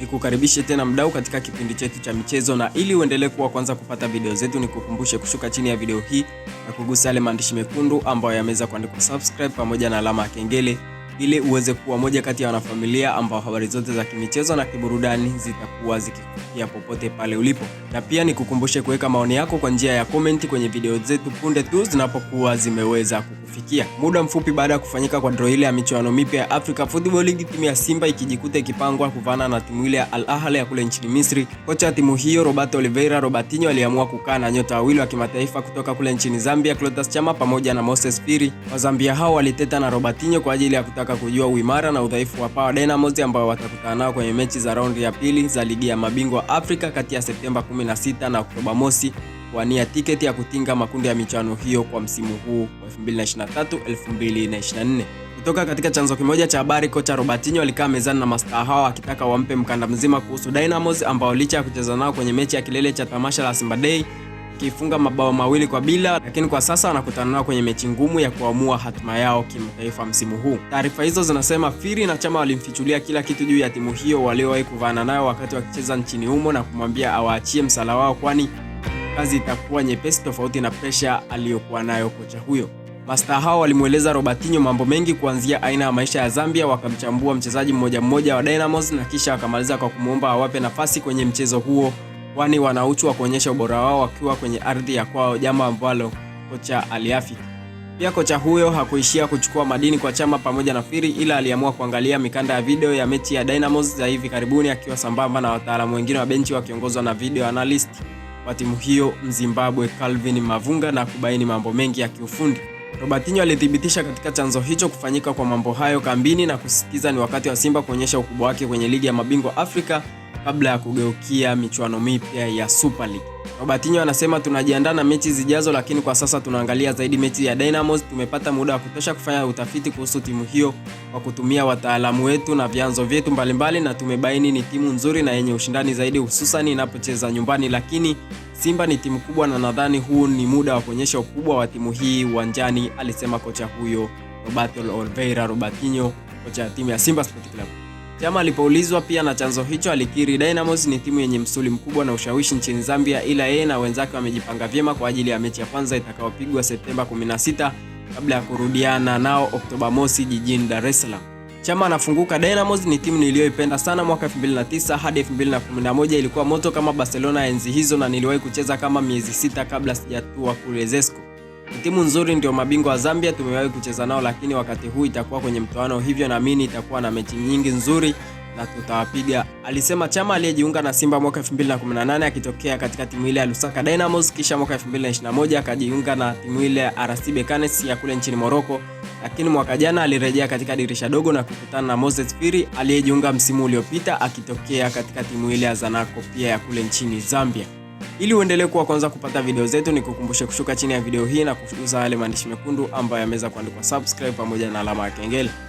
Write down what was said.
ni kukaribishe tena mdau katika kipindi chetu cha michezo, na ili uendelee kuwa kwanza kupata video zetu, ni kukumbushe kushuka chini ya video hii na kugusa yale maandishi mekundu ambayo yameweza kuandikwa subscribe pamoja na alama ya kengele ili uweze kuwa moja kati ya wanafamilia ambao habari zote za kimichezo na kiburudani zitakuwa zikifikia popote pale ulipo, na pia nikukumbushe kuweka maoni yako kwa njia ya komenti kwenye video zetu punde tu zinapokuwa zimeweza kukufikia. Muda mfupi baada ya kufanyika kwa draw ile ya michuano mipya ya Africa Football League, timu ya Simba ikijikuta ikipangwa kuvana na timu ile ya Al Ahly ya kule nchini Misri, kocha wa timu hiyo Roberto Oliveira Robertinho aliamua kukaa na nyota wawili wa kimataifa kutoka kule nchini Zambia, Clatous Chama pamoja na Moses Phiri. Wazambia hao waliteta na Robertinho kwa ajili ya kutaka kutaka kujua uimara na udhaifu wa Power Dynamos ambao watakutana nao kwenye mechi za raundi ya pili za ligi ya mabingwa Afrika kati ya Septemba 16 na Oktoba mosi kuwania tiketi ya kutinga makundi ya michuano hiyo kwa msimu huu 2023 2024. Kutoka katika chanzo kimoja cha habari, kocha Robertinho alikaa mezani na mastaa hao akitaka wampe mkanda mzima kuhusu Dynamos ambao licha ya kucheza nao kwenye mechi ya kilele cha tamasha la Simba Day wakifunga mabao mawili kwa bila, lakini kwa sasa wanakutana nao kwenye mechi ngumu ya kuamua hatima yao kimataifa msimu huu. Taarifa hizo zinasema Firi na Chama walimfichulia kila kitu juu ya timu hiyo waliowahi kuvaana nayo wakati wakicheza nchini humo na kumwambia awaachie msala wao, kwani kazi itakuwa nyepesi tofauti na presha aliyokuwa nayo kocha huyo. Mastaa hao walimweleza Robertinho mambo mengi kuanzia aina ya maisha ya Zambia, wakamchambua mchezaji mmoja mmoja wa Dynamos na kisha wakamaliza kwa kumwomba awape nafasi kwenye mchezo huo kwani wana uchu wa kuonyesha ubora wao wakiwa kwenye ardhi ya kwao, jambo ambalo kocha aliafiki. Pia kocha huyo hakuishia kuchukua madini kwa chama pamoja na Firi, ila aliamua kuangalia mikanda ya video ya mechi ya Dynamos za hivi karibuni, akiwa sambamba na wataalamu wengine wa benchi wakiongozwa na video analyst wa timu hiyo Mzimbabwe Calvin Mavunga, na kubaini mambo mengi ya kiufundi. Robertinho alithibitisha katika chanzo hicho kufanyika kwa mambo hayo kambini na kusisitiza ni wakati wa Simba kuonyesha ukubwa wake kwenye ligi ya mabingwa Afrika kabla ya kugeukia michuano mipya ya Super League. Robertinho anasema tunajiandaa na mechi zijazo, lakini kwa sasa tunaangalia zaidi mechi ya Dynamos. Tumepata muda wa kutosha kufanya utafiti kuhusu timu hiyo kwa kutumia wataalamu wetu na vyanzo vyetu mbalimbali, na tumebaini ni timu nzuri na yenye ushindani zaidi, hususan inapocheza nyumbani, lakini Simba ni timu kubwa na nadhani huu ni muda wa kuonyesha ukubwa wa timu hii uwanjani, alisema kocha huyo Roberto Oliveira Robertinho, kocha ya timu ya Simba Sports Club. Chama alipoulizwa pia na chanzo hicho alikiri Dynamos ni timu yenye msuli mkubwa na ushawishi nchini Zambia, ila yeye na wenzake wamejipanga vyema kwa ajili ya mechi ya kwanza itakayopigwa Septemba 16 kabla ya kurudiana nao Oktoba mosi jijini Dar es Salaam. Chama anafunguka. Dynamos ni timu niliyoipenda sana mwaka 2009 hadi 2011, ilikuwa moto kama Barcelona ya enzi hizo, na niliwahi kucheza kama miezi sita kabla sijatua kule Zesco. Timu nzuri ndio mabingwa wa Zambia, tumewahi kucheza nao, lakini wakati huu itakuwa kwenye mtoano, hivyo naamini itakuwa na mechi nyingi nzuri na tutawapiga, alisema Chama aliyejiunga na Simba mwaka 2018 akitokea katika timu ile ya Lusaka Dynamos, kisha mwaka 2021 akajiunga na timu ile ya RC Bekanes ya kule nchini Morocco, lakini mwaka jana alirejea katika dirisha dogo na kukutana na Moses Firi aliyejiunga msimu uliopita akitokea katika timu ile ya Zanaco pia ya kule nchini Zambia. Ili uendelee kuwa kwanza kupata video zetu, ni kukumbushe kushuka chini ya video hii na kugusa yale maandishi mekundu ambayo yameweza kuandikwa subscribe pamoja na alama ya kengele.